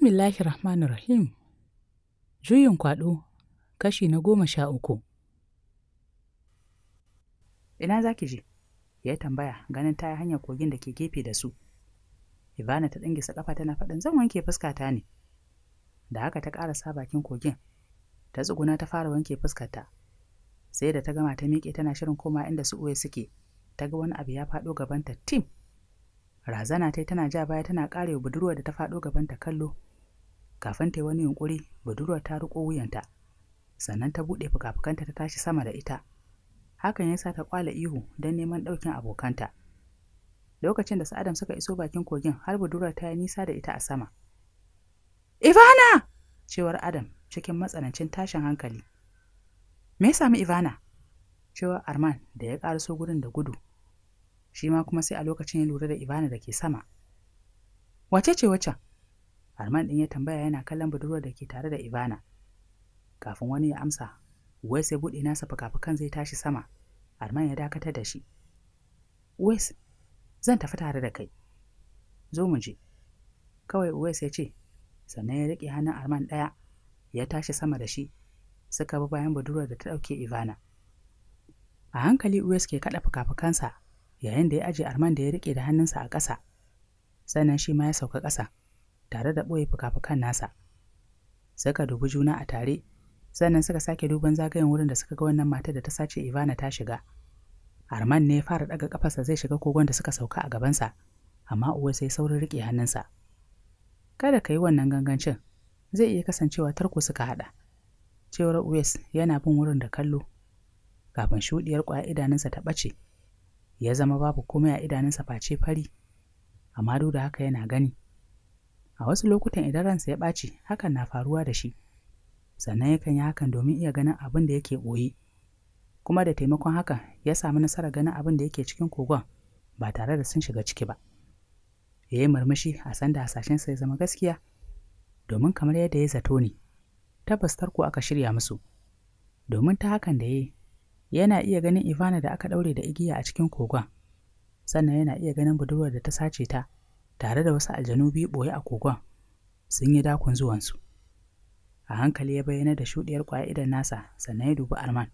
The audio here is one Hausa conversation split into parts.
Bismillahir Rahmanir Rahim. Juyin kwaɗo, kashi na goma sha uku. Ina za ki je? Ya tambaya ganin ta hanyar kogin da ke gefe da su. Ivana ta ɗingisa ƙafa tana faɗin zan wanke fuskata ne. Da haka ta ƙara sa bakin kogin. Ta tsuguna ta fara wanke ta Sai da ta gama ta miƙe tana shirin koma inda su uwe suke. Ta ga wani abu ya faɗo gabanta tim. razana ta tana ja baya tana ƙare budurwa da ta faɗo gabanta kallo kafin ta yi wani yunƙuri budurwar ta riƙo wuyanta sannan ta buɗe fukafukanta ta tashi sama da ita hakan ya sa ta kwala ihu don neman ɗaukin abokanta lokacin da sa'adam suka iso bakin kogin har budurwar ta yi nisa da ita a sama ivana cewar adam cikin matsanancin tashin hankali me ya sami ivana cewar arman da ya ƙaraso gurin da gudu shi ma kuma sai a lokacin ya lura da ivana da ke sama wace ce waccan Arman ɗin ya tambaya yana kallon budurwar da ke tare da Ivana. Kafin wani ya amsa, Wes ya buɗe nasa fuka-fukan zai tashi sama. Arman ya dakatar da shi. Wes, zan tafi tare da kai. Zo mu je. Kawai Wes ya ce, sannan ya riƙe hannun Arman ɗaya, ya tashi sama da shi, suka bi bayan budurwar da ta ɗauke Ivana. A hankali Wes ke kaɗa fuka-fukansa yayin da ya aje Arman da ya riƙe da hannunsa a ƙasa, sannan shi ma ya sauka ƙasa. tare da ɓoye fuka-fukan nasa suka dubi juna a tare sannan suka sake duban zagayen wurin da suka ga wannan matar da ta sace ivana ta shiga arman ne ya fara daga kafarsa zai shiga kogon da suka sauka a gabansa amma uwa sai saurin riƙe hannunsa kada ka yi wannan gangancin zai iya kasancewa tarko suka haɗa cewar uwes yana bin wurin da kallo kafin shuɗiyar ƙwaya idanunsa ta ɓace ya zama babu komai a idanunsa face fari amma duk da haka yana gani a wasu lokutan idan ransa ya ɓaci hakan na faruwa da shi sannan yakan yi hakan domin iya ganin abin da yake ɓoye kuma da taimakon haka ya samu nasarar ganin abin da yake cikin kogon ba tare da sun shiga ciki ba ya yi murmushi a sanda hasashensa ya zama gaskiya domin kamar yadda ya zato ne tabbas tarko aka shirya musu domin ta hakan da ya yana iya ganin ivana da aka ɗaure da igiya a cikin kogon sannan yana iya ganin budurwar da ta sace ta tare da wasu aljanu biyu boye a kogon sun yi dakon zuwansu a hankali ya bayyana da shuɗiyar ƙwaya idan nasa sannan ya dubi arman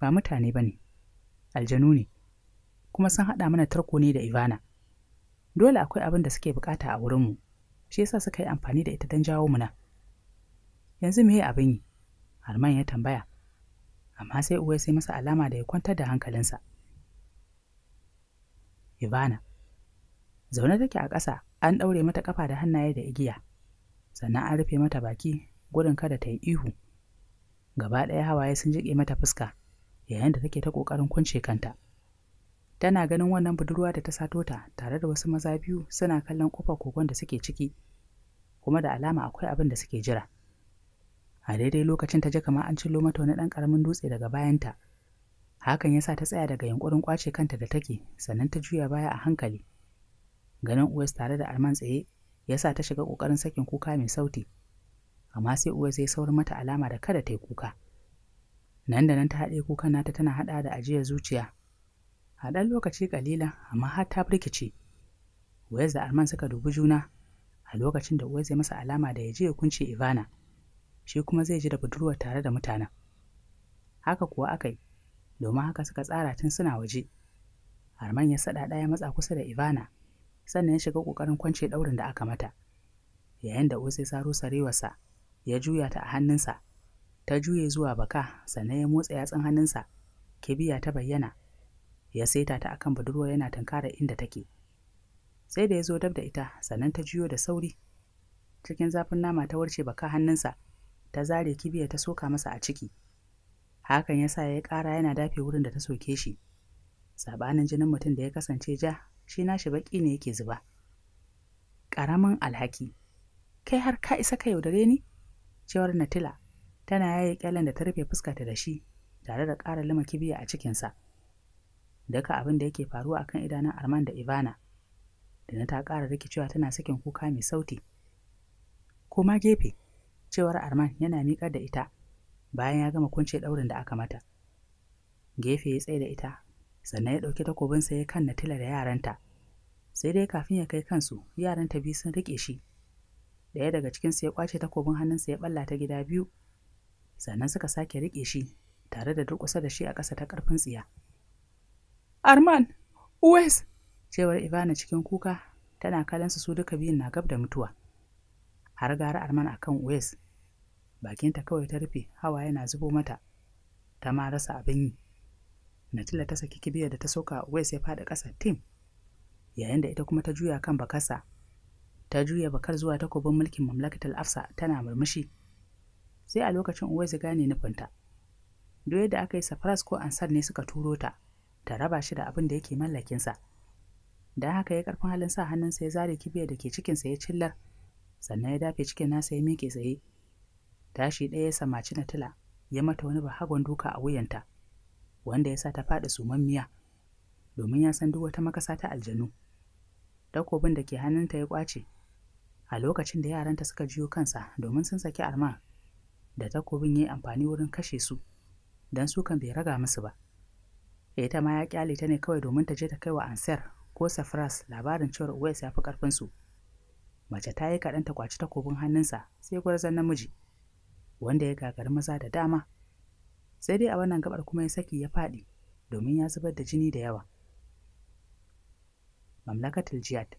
ba mutane ba ne aljanu ne kuma sun haɗa mana tarko ne da ivana dole akwai abin da suke bukata a wurinmu shi yasa suka yi amfani da ita don jawo mu yanzu me abin yi arman ya tambaya amma sai uwa sai masa alama da ya kwanta da hankalinsa ivana zaune take a ƙasa an ɗaure mata ƙafa da hannaye da igiya sannan an rufe mata baki gudun kada ta yi ihu gaba ɗaya hawaye sun jiƙe mata fuska yayin da take ta ƙoƙarin kunce kanta tana ganin wannan budurwa da ta sato ta tare da wasu maza biyu suna kallon ƙofar kogon da suke ciki kuma da alama akwai abin da suke jira a daidai lokacin ta ji kamar an cillo mata wani ɗan ƙaramin dutse daga bayanta hakan ya sa ta tsaya daga yunƙurin ƙwace kanta da take sannan ta juya baya a hankali ganin Uwais tare da Arman tsaye ya sa ta shiga ƙoƙarin sakin kuka mai sauti, amma sai Uwais ya saurin mata alama da kada ta yi kuka. Nan da nan ta haɗe kukan nata tana haɗa da ajiyar zuciya. A ɗan lokaci ƙalilan amma har ta firkice. Uwais da Arman suka dubi juna a lokacin da Uwais ya masa alama da ya je ya kunce Ivana, shi kuma zai ji da budurwar tare da mutanen. Haka kuwa aka domin haka suka tsara tun suna waje. Arman ya saɗa ɗaya matsa kusa da Ivana, sannan ya shiga ƙoƙarin kwance ɗaurin da aka mata. Yayin da Ose saro sarewarsa, ya juya ta a hannunsa, ta juye zuwa baka sannan ya motsa yatsun hannunsa, kibiya ta bayyana, ya saita ta akan budurwa yana tunkara inda take. Sai da ya zo dab da ita sannan ta juyo da sauri. Cikin zafin nama ta warce baka hannunsa, ta zare kibiya ta soka masa a ciki. Hakan ya sa ya ƙara yana dafe wurin da ta soke shi. Saɓanin jinin mutum da ya kasance ja shi nashi baƙi ne yake zuba ƙaramin alhaki kai har ka isa ka yaudare ni cewar natila tana yaye ƙyalen da ta rufe fuskata da shi tare da ƙara lima kibiya a cikinsa duka abin da yake faruwa akan idanun arman da ivana da na ta ƙara rikicewa tana sakin kuka mai sauti koma gefe cewar arman yana miƙar da ita bayan ya gama kunce ɗaurin da aka mata gefe ya tsaye da ita sannan ya ɗauki takobinsa ya kan Natila da yaranta. Sai dai kafin ya kai kansu, yaranta biyu sun riƙe shi. Ɗaya daga cikinsu ya ƙwace takobin hannunsa ya ɓalla ta gida biyu, sannan suka sake riƙe shi tare da durƙusa da shi a ƙasa ta ƙarfin tsiya. Arman, Wes, cewar Ivana cikin kuka tana kalansu su duka biyun na gab da mutuwa. Har gara Arman akan Wes, bakinta kawai ta rufe hawa yana zubo mata, ta ma rasa abin yi. Natila ta saki kibiyar da ta soka Wes ya faɗi ƙasa tim. Yayin da ita kuma ta juya kan bakarsa. Ta juya bakar zuwa takobin mulkin mamlakatar Afsa tana murmushi. Sai a lokacin Wes ya gane nufinta. Duk yadda aka yi Safras ko Ansar ne suka turo ta, ta raba shi da abin da yake mallakinsa. Da haka ya karfin halin sa hannunsa ya zare kibiyar da ke cikinsa ya cillar, sannan ya dafe cikin nasa ya miƙe tsaye. Tashi ɗaya ya samaci Natila, ya mata wani bahagon duka a wuyanta. wanda ya sa ta faɗi sumammiya domin ya san duk wata makasa ta aljanu takobin da ke hannunta ya kwace a lokacin da yaranta suka jiyo kansa domin sun saki arma da takobin ya yi amfani wurin kashe su don su kan bai raga musu ba ita ma ya kyale ta ne kawai domin ta je ta kai wa ansar ko safras labarin cewar uwais ya fi ƙarfinsu. mace ta yi kaɗan ta kwaci takobin hannunsa sai gwarzon namiji wanda ya gagari maza da dama sai dai a wannan gabar kuma ya saki ya faɗi domin ya zubar da jini da yawa mamlakatul jihad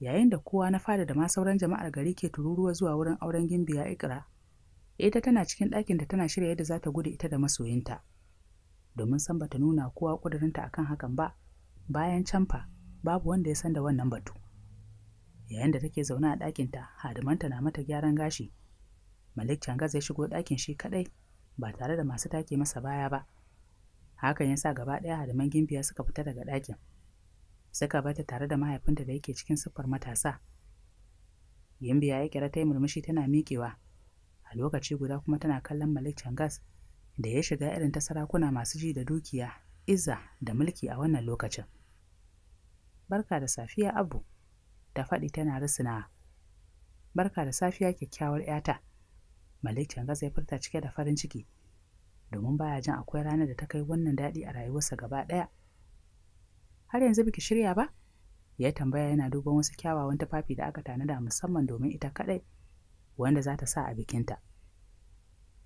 yayin da kowa na fada da ma sauran jama'ar gari ke tururuwa zuwa wurin auren gimbiya ikra ita tana cikin ɗakin da tana shirya yadda za ta gudu ita da masoyinta domin san bata nuna kowa ƙudurinta akan hakan ba bayan canfa babu wanda ya san da wannan batu yayin da take zaune a ɗakinta hadimanta na mata gyaran gashi malik cangas ya shigo ɗakin shi kaɗai ba tare da masu take masa baya ba hakan ya sa gaba ɗaya hadiman gimbiya suka fita daga ɗakin suka bata tare da mahaifinta da yake cikin siffar matasa gimbiya ya kira ta murmushi tana miƙewa a lokaci guda kuma tana kallon malik changas da ya shiga irin ta sarakuna masu ji da dukiya izza da mulki a wannan lokacin barka da safiya abu ta faɗi tana risina barka da safiya kyakkyawar 'yata Malik gaza ya furta cike da farin ciki domin baya jin akwai ranar da ta kai wannan daɗi a rayuwarsa gaba ɗaya. Har yanzu biki shirya ba? Ya tambaya yana duban wasu kyawawan tufafi da aka tanada musamman domin ita kaɗai wanda za ta sa a bikinta.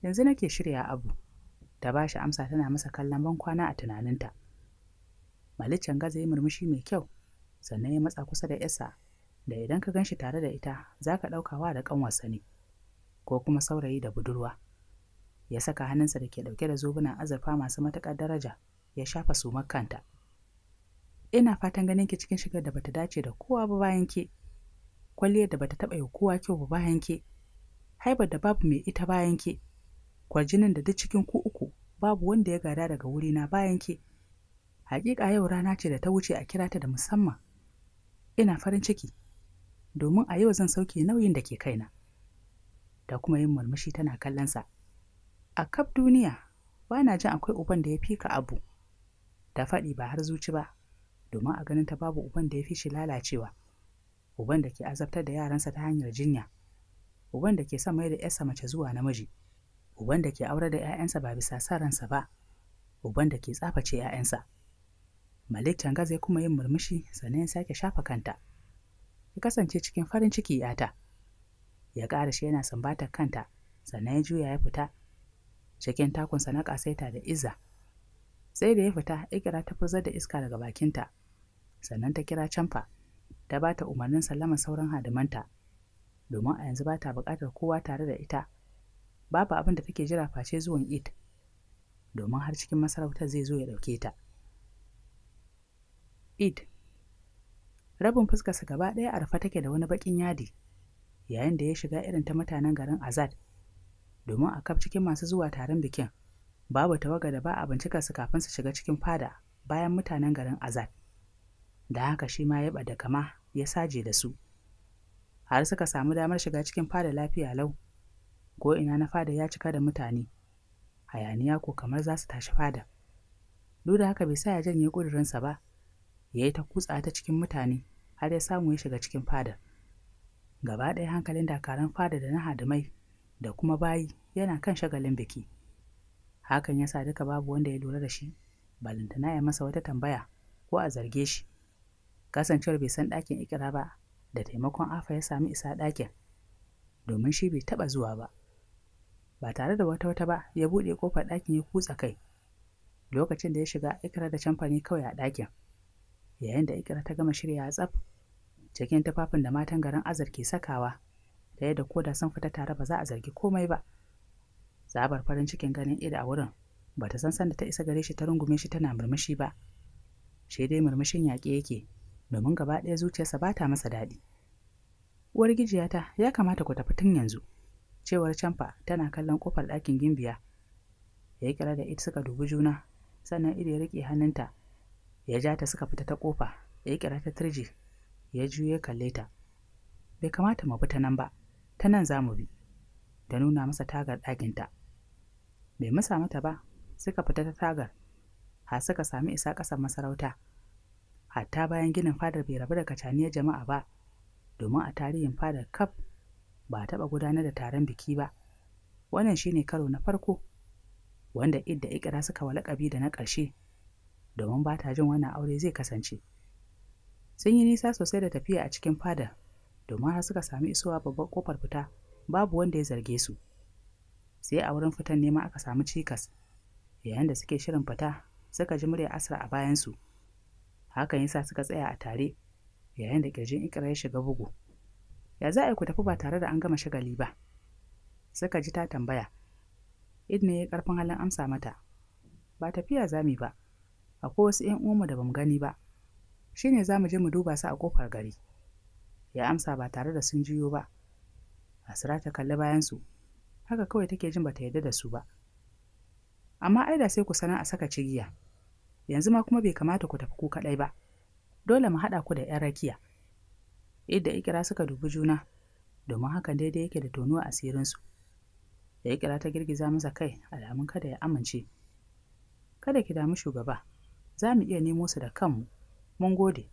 Yanzu nake shirya abu, ta ba shi amsa tana masa kallon ban kwana a tunaninta. Malik gaza ya murmushi mai kyau, sannan ya matsa kusa da 'yasa, da idan ka gan shi tare da ita za ka ɗaukawa da kan wasanni. ko kuma saurayi da budurwa ya saka hannunsa da ke ɗauke da zobunan azurfa masu matuƙar daraja ya shafa su makanta ina fatan ganin ki cikin shigar da bata dace da kowa ba bayan ke kwalliyar da bata taɓa yi kowa kyau ba bayan ke haibar da babu mai ita bayan ke kwarjinin da duk cikin ku uku babu wanda ya gada daga wurina bayan ke hakika yau rana ce da ta wuce a kirata da musamman ina farin ciki domin a yau zan sauke nauyin da ke kaina da kuma yin murmushi tana kallonsa a kaf duniya ba na jin akwai uban da ya fika abu da faɗi ba har zuci ba domin a ganin ta babu uban da ya fi shi lalacewa uban da ke azabtar da yaransa ta hanyar jinya uban da ke sa mai da yarsa mace zuwa namiji uban da ke aure da 'ya'yansa ba bisa sa ransa ba uban da ke tsaface 'ya'yansa malik tanga zai kuma yin murmushi sannan ya sake shafa kanta ya kasance cikin farin ciki 'yata ya ƙara shi yana sambatar kanta sannan ya juya ya fita cikin takunsa na ƙasaita da izza sai da ya fita ikira ta fuzar da iska daga bakinta sannan ta kira canfa ta ba ta umarnin sallama sauran hadimanta domin a yanzu ba ta buƙatar kowa tare da ita babu abin da take jira face zuwan it domin har cikin masarautar zai zo ya ɗauke ta id rabin fuskarsa gaba ɗaya a rufe take da wani baƙin yadi yayin da ya shiga irin ta mutanen garin Azad. Domin a kaf cikin masu zuwa taron bikin, babu tawaga da ba a bincika su kafin su shiga cikin fada bayan mutanen garin Azad. Da haka shi ma ya bada kama ya saje da su. Har suka samu damar shiga cikin fada lafiya lau, ko ina na fada ya cika da mutane, hayaniya ko kamar za su tashi fada. Duk da haka bai sa ya janye ƙudurinsa ba, ya yi ta kutsa ta cikin mutane har ya samu ya shiga cikin fada. gaba ɗaya hankalin dakaran fada da na hadimai da kuma bayi yana kan shagalin biki hakan ya sa duka babu wanda ya lura da shi balintana ya masa wata tambaya ko a zarge shi kasancewar bai san ɗakin ikira ba da taimakon afa ya sami isa ɗakin domin shi bai taɓa zuwa ba ba tare da wata wata ba ya buɗe ƙofar ɗakin ya kutsa kai lokacin da ya shiga ikira da camfani kawai a ɗakin yayin da ikira ta gama shirya a tsaf cikin tufafin da matan garin azar ke sakawa da yadda ko da sun fita tare ba za a zargi komai ba zabar farin cikin ganin ida a wurin ba ta san sanda ta isa gare shi ta rungume shi tana murmushi ba shi dai murmushin yaƙe yake domin gaba ɗaya zuciyarsa ba ta masa daɗi uwar gijiyata ya kamata ku tafi tun yanzu cewar canfa tana kallon kofar ɗakin gimbiya ya yi kira da ita suka dubi juna sannan iri ya riƙe hannunta ya ja ta suka fita ta kofa ya kira ta turji ya juye kalle ta bai kamata mu bi ta nan ba ta nan za mu bi da nuna masa tagar ɗakinta bai masa mata ba suka fita ta tagar ha suka sami isa ƙasar masarauta hatta bayan ginin fadar bai rabu da kacaniyar jama'a ba domin a tarihin fadar kaf ba a taɓa gudanar da taron biki ba wannan shine karo na farko wanda idda ikira suka walakabi da na ƙarshe domin ba ta jin wannan aure zai kasance. sun yi nisa sosai da tafiya a cikin fada domin har suka sami isowa babbar kofar fita babu wanda ya zarge su sai a wurin fitan nema aka samu cikas yayin da suke shirin fita suka ji murya asra a bayansu hakan yasa suka tsaya a tare yayin da kirjin ikira ya shiga bugu ya za a ku tafi ba tare da an gama shagali ba suka ji ta tambaya idna ya karfin halin amsa mata ba tafiya za ba akwai wasu 'yan uwanmu da bamu gani ba shi ne za mu je mu duba su a ƙofar gari ya amsa ba tare da sun jiyo ba asira ta kalli bayansu haka kawai take jin bata yarda da su ba amma ai da sai ku sana a saka cigiya yanzu ma kuma bai kamata ku tafi ku kaɗai ba dole mu haɗa ku da 'yan rakiya idda ikira suka dubi juna domin hakan daidai yake da a asirinsu da ikira ta girgiza masa kai alamun kada ya amince kada ki damu shugaba za mu iya nemo su da kanmu mun gode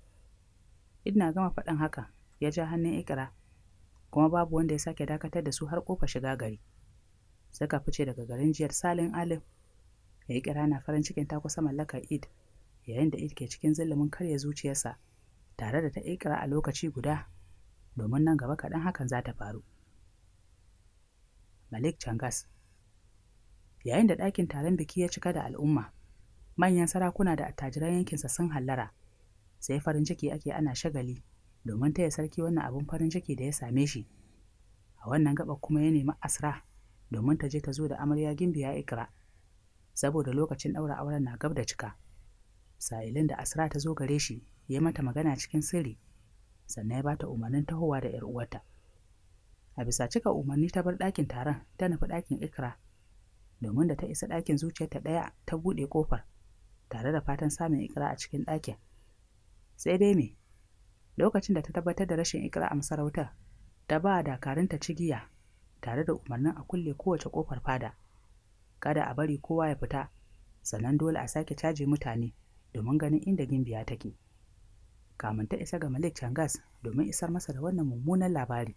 ina gama faɗin haka ya ja hannun ikira kuma babu wanda ya sake dakatar da su har kofa shiga gari suka fice daga garin jiyar salin alim ya yi kira na farin cikin ta kusa mallakar id yayin da id ke cikin zillumin karya zuciyarsa tare da ta ikira a lokaci guda domin nan gaba kaɗan hakan za ta faru malik changas yayin da ɗakin taron biki ya cika da al'umma manyan sarakuna da attajiran yankinsa sun hallara sai farin ciki ake ana shagali domin taya sarki wannan abin farin ciki da ya same shi a wannan gaba kuma ya nemi asra domin ta je ta zo da amarya gimbiya ikra saboda lokacin ɗaura auren na gab da cika sa'ilin da asra ta zo gare shi ya mata magana cikin sirri sannan ya ba ta umarnin tahowa da 'yar uwarta a bisa cika umarni ta bar ɗakin taron ta nufi ɗakin ikra domin da ta isa ɗakin zuciyarta ɗaya ta buɗe ƙofar tare da fatan samun ikra a cikin ɗakin sai dai me lokacin da ta tabbatar da rashin a masarautar ta ba dakarunta cigiya tare da umarnin a kulle kowace kofar fada kada a bari kowa ya fita sannan dole a sake caje mutane domin ganin inda gimbiya take kamun ta isa ga malik changas domin isar masa da wannan mummunan labari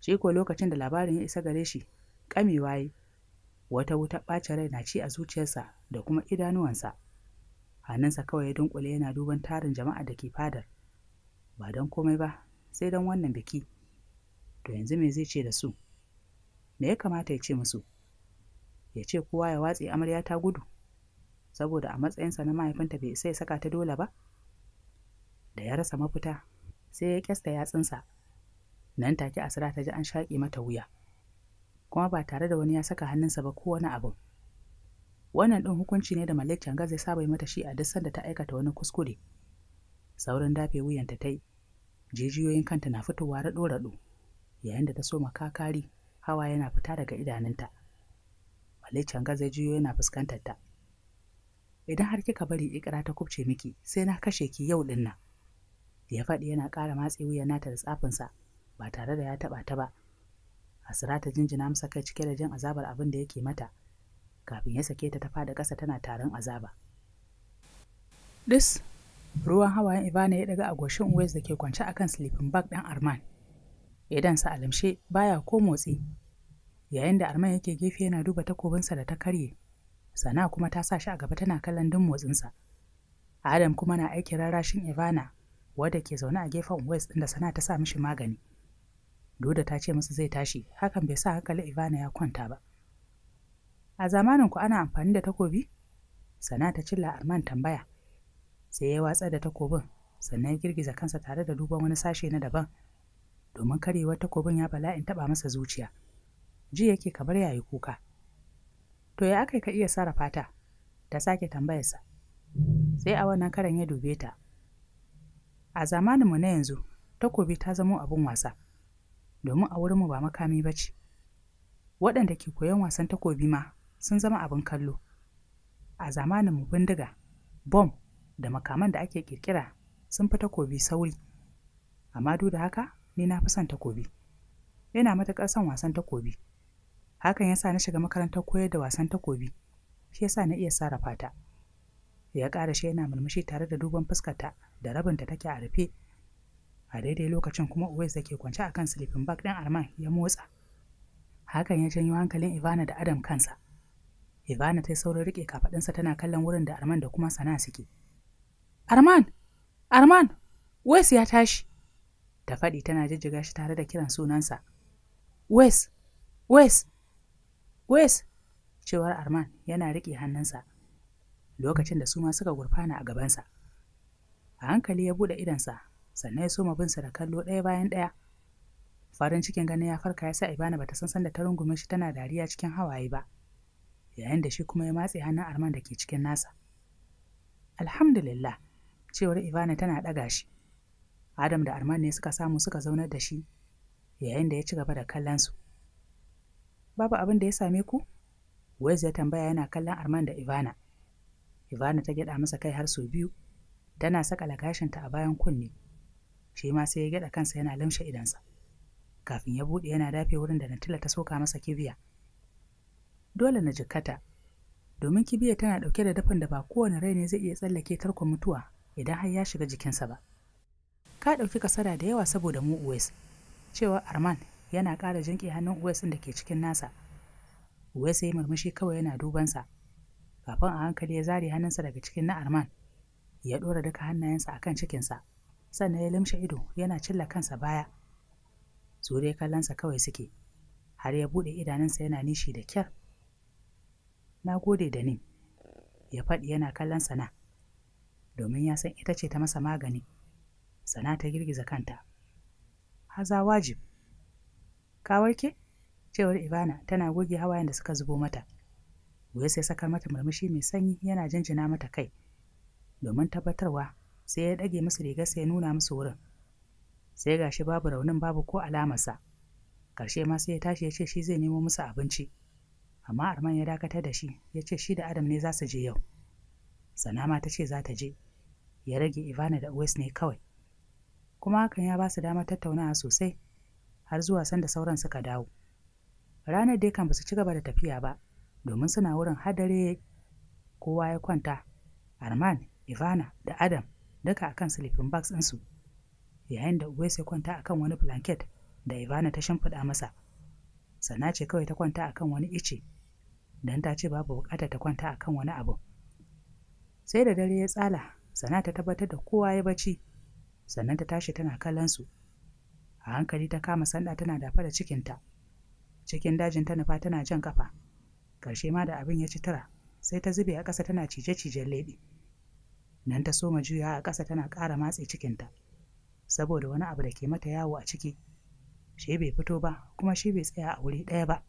shi ko lokacin da labarin ya isa gare shi kamewa yi wata wuta ɓacin rai na ci a zuciyarsa da kuma idanuwansa hannunsa kawai ya dunkule yana duban tarin jama'a da ke fadar ba don komai ba sai don wannan biki to yanzu me zai ce da su me ya kamata ya ce musu ya ce kowa ya watse amarya ta gudu saboda a matsayinsa na mahaifinta bai isa ya saka ta dole ba da ya rasa mafita sai ya kyasta yatsunsa nan take asira ta ji an shaƙe mata wuya kuma ba tare da wani ya saka hannunsa ba ko wani abin wannan ɗin hukunci ne da Malik Canga zai saba mata shi a duk sanda ta aikata wani kuskure. Saurin dafe wuyanta ta yi, jijiyoyin kanta na fitowa raɗo-raɗo, yayin da ta so kakari hawa yana fita daga idanunta. Malik Canga zai jiyo yana fuskantar ta. Idan har kika bari ikira ta kubce miki, sai na kashe ki yau ɗin nan. Ya faɗi yana ƙara matse wuyan nata da tsafinsa, ba tare da ya taɓa ta ba. Asira ta jinjina masa kai cike da jin azabar abin da yake mata. kafin ya sake ta ta fada ƙasa tana taron azaba. Dis, ruwan hawayen Ivana ya daga agoshin Uwais da ke kwance a kan sleeping bag ɗin Arman. idan a lamshe baya ko motsi, yayin da Arman yake gefe yana duba takobinsa da ta karye, sana kuma ta sa shi a gaba tana kallon din motsinsa. Adam kuma na aiki rarashin Ivana wadda ke zaune a gefen Uwais ɗin da sana ta sa mishi magani. Duda ta ce masa zai tashi, hakan bai sa hankalin Ivana ya kwanta ba. A zamanin ku ana amfani da takobi? Sana ta cilla Arman tambaya. Sai ya watsa da takobin, sannan ya girgiza kansa tare da duban wani sashe na daban, domin karewar takobin ya bala in taɓa masa zuciya. Ji yake kamar yayi kuka. To ya aka ka iya sarrafa ta? Ta sake tambayarsa. Sai a wannan karan ya dube ta. A zamaninmu na yanzu, takobi ta zamo abin wasa, domin a wurinmu ba makami ba ce. Waɗanda ke koyon wasan takobi ma sun zama abin kallo a zamaninmu bindiga bom da makaman da ake kirkira sun fi takobi sauri amma duk da haka ni na fi son takobi ina matuƙar son wasan takobi hakan yasa na shiga makarantar koyar da wasan takobi shi yasa na iya sarrafa ta ya ƙara shi yana murmushi tare da duban fuskarta da rabin ta take a rufe a daidai lokacin kuma uwais da ke kwance a kan silifin bak ɗin arman ya motsa hakan ya janyo hankalin ivana da adam kansa Ivana ta yi saurin riƙe kafaɗinsa tana kallon wurin da Arman da kuma sana suke. Arman! Arman! Wes ya tashi! Ta faɗi tana jijjiga shi tare da kiran sunansa. Wes! Wes! Wes! Cewar Arman yana riƙe hannunsa. Lokacin da su ma suka gurfana a gabansa. A hankali ya buɗe idonsa, sannan ya soma binsa da kallo ɗaya bayan ɗaya. Farin cikin ganin ya farka ya sa Ibana bata san sanda ta rungume shi tana dariya cikin hawaye ba. yayin da shi kuma ya matse hannun arman da ke cikin nasa alhamdulillah cewar ivana tana ɗaga shi adam da arman ne suka samu suka zaunar da shi yayin da ya ci gaba da kallon su babu abin da ya same ku wes ya tambaya yana kallon arman da ivana ivana ta gyaɗa masa kai har sau biyu tana saka lagashinta a bayan kunne shi ma sai ya gyaɗa kansa yana lamshe idansa kafin ya buɗe yana dafe wurin da Natila ta soka masa kibiya dole na jikata domin kibiya tana ɗauke da dafan da ba kowane rai ne zai iya tsallake tarkon mutuwa idan har ya shiga jikinsa ba ka ɗauki kasara da yawa saboda mu uwais cewa arman yana ƙara jinƙe hannun uwais da ke cikin nasa uwais ya yi murmushi kawai yana dubansa kafin a hankali ya zare hannunsa daga cikin na arman ya ɗora duka hannayensa akan cikinsa sannan ya limshe ido yana cilla kansa baya zure kallonsa kawai suke har ya buɗe idanunsa yana nishi da kyar na gode da ni. ya faɗi yana kallon sana domin ya san ita ce ta masa magani sana ta girgiza kanta haza wajib kawarke cewar ivana tana goge hawayen da suka zubo mata goya sai saka mata murmushi mai sanyi yana jinjina mata kai domin tabbatarwa sai ya ɗage musu rigar sai ya nuna musu wurin sai gashi babu raunin babu ko alamarsa ƙarshe ma sai ya tashi ya ce shi zai nemo musu abinci amma arman ya dakatar da shi ya ce shi da adam ne za su je yau sanama ta ce za ta je ya rage ivana da uwes ne kawai kuma hakan ya ba su damar tattaunawa sosai har zuwa sanda sauran suka dawo ranar dai kan ba su ci gaba da tafiya ba domin suna wurin hadare kowa ya kwanta arman ivana da adam duka akan sleeping bags ɗinsu yayin da uwais ya kwanta akan wani blanket da ivana ta shimfiɗa masa sana ce kawai ta kwanta akan wani ice don ta ce babu bukatar ta kwanta akan wani abu sai da dare ya tsala sana ta tabbatar da kowa ya bacci sannan ta tashi tana kallon su a hankali ta kama sanda tana dafa da cikinta cikin dajin ta nufa tana jan kafa Karshe ma da abin ya ci tara sai ta zube a ƙasa tana cije-cijen leɓe nan ta soma juya a ƙasa tana ƙara matse cikinta saboda wani abu da ke mata yawo a ciki shi bai fito ba kuma shi bai tsaya a wuri ɗaya ba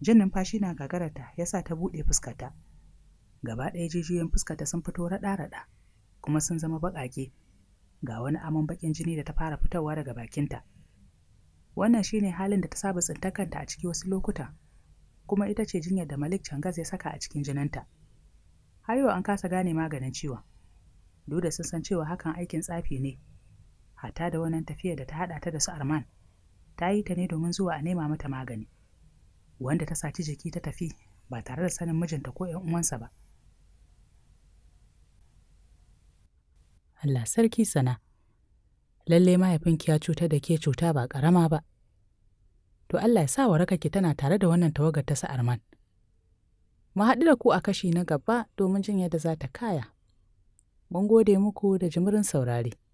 jin numfashi na gagarata ya sa ta buɗe fuskarta gaba ɗaya jijiyoyin fuskarta sun fito raɗa-raɗa kuma sun zama baƙaƙe ga wani aman baƙin jini da ta fara fitowa daga bakinta wannan shine halin da ta saba tsintakanta a ciki wasu lokuta kuma ita ce jinyar da malik changaz ya saka a cikin jininta har yau an kasa gane maganin ciwon duk da sun san cewa hakan aikin tsafi ne Hata da wannan tafiyar da ta haɗa ta da su arman ta yi ta ne domin zuwa a nema mata magani wanda ta saci jiki ta tafi ba tare da sanin mijinta ko ‘yan uwansa ba. Allah sarki sana, lalle mahaifinki ya cuta da ke cuta ba ƙarama ba. To Allah ya sa wa ki tana tare da wannan tawagar ta sa'arman. Mu haɗu da ku a kashi na gaba domin jin yadda za ta kaya. Mun gode muku da jimirin saurare.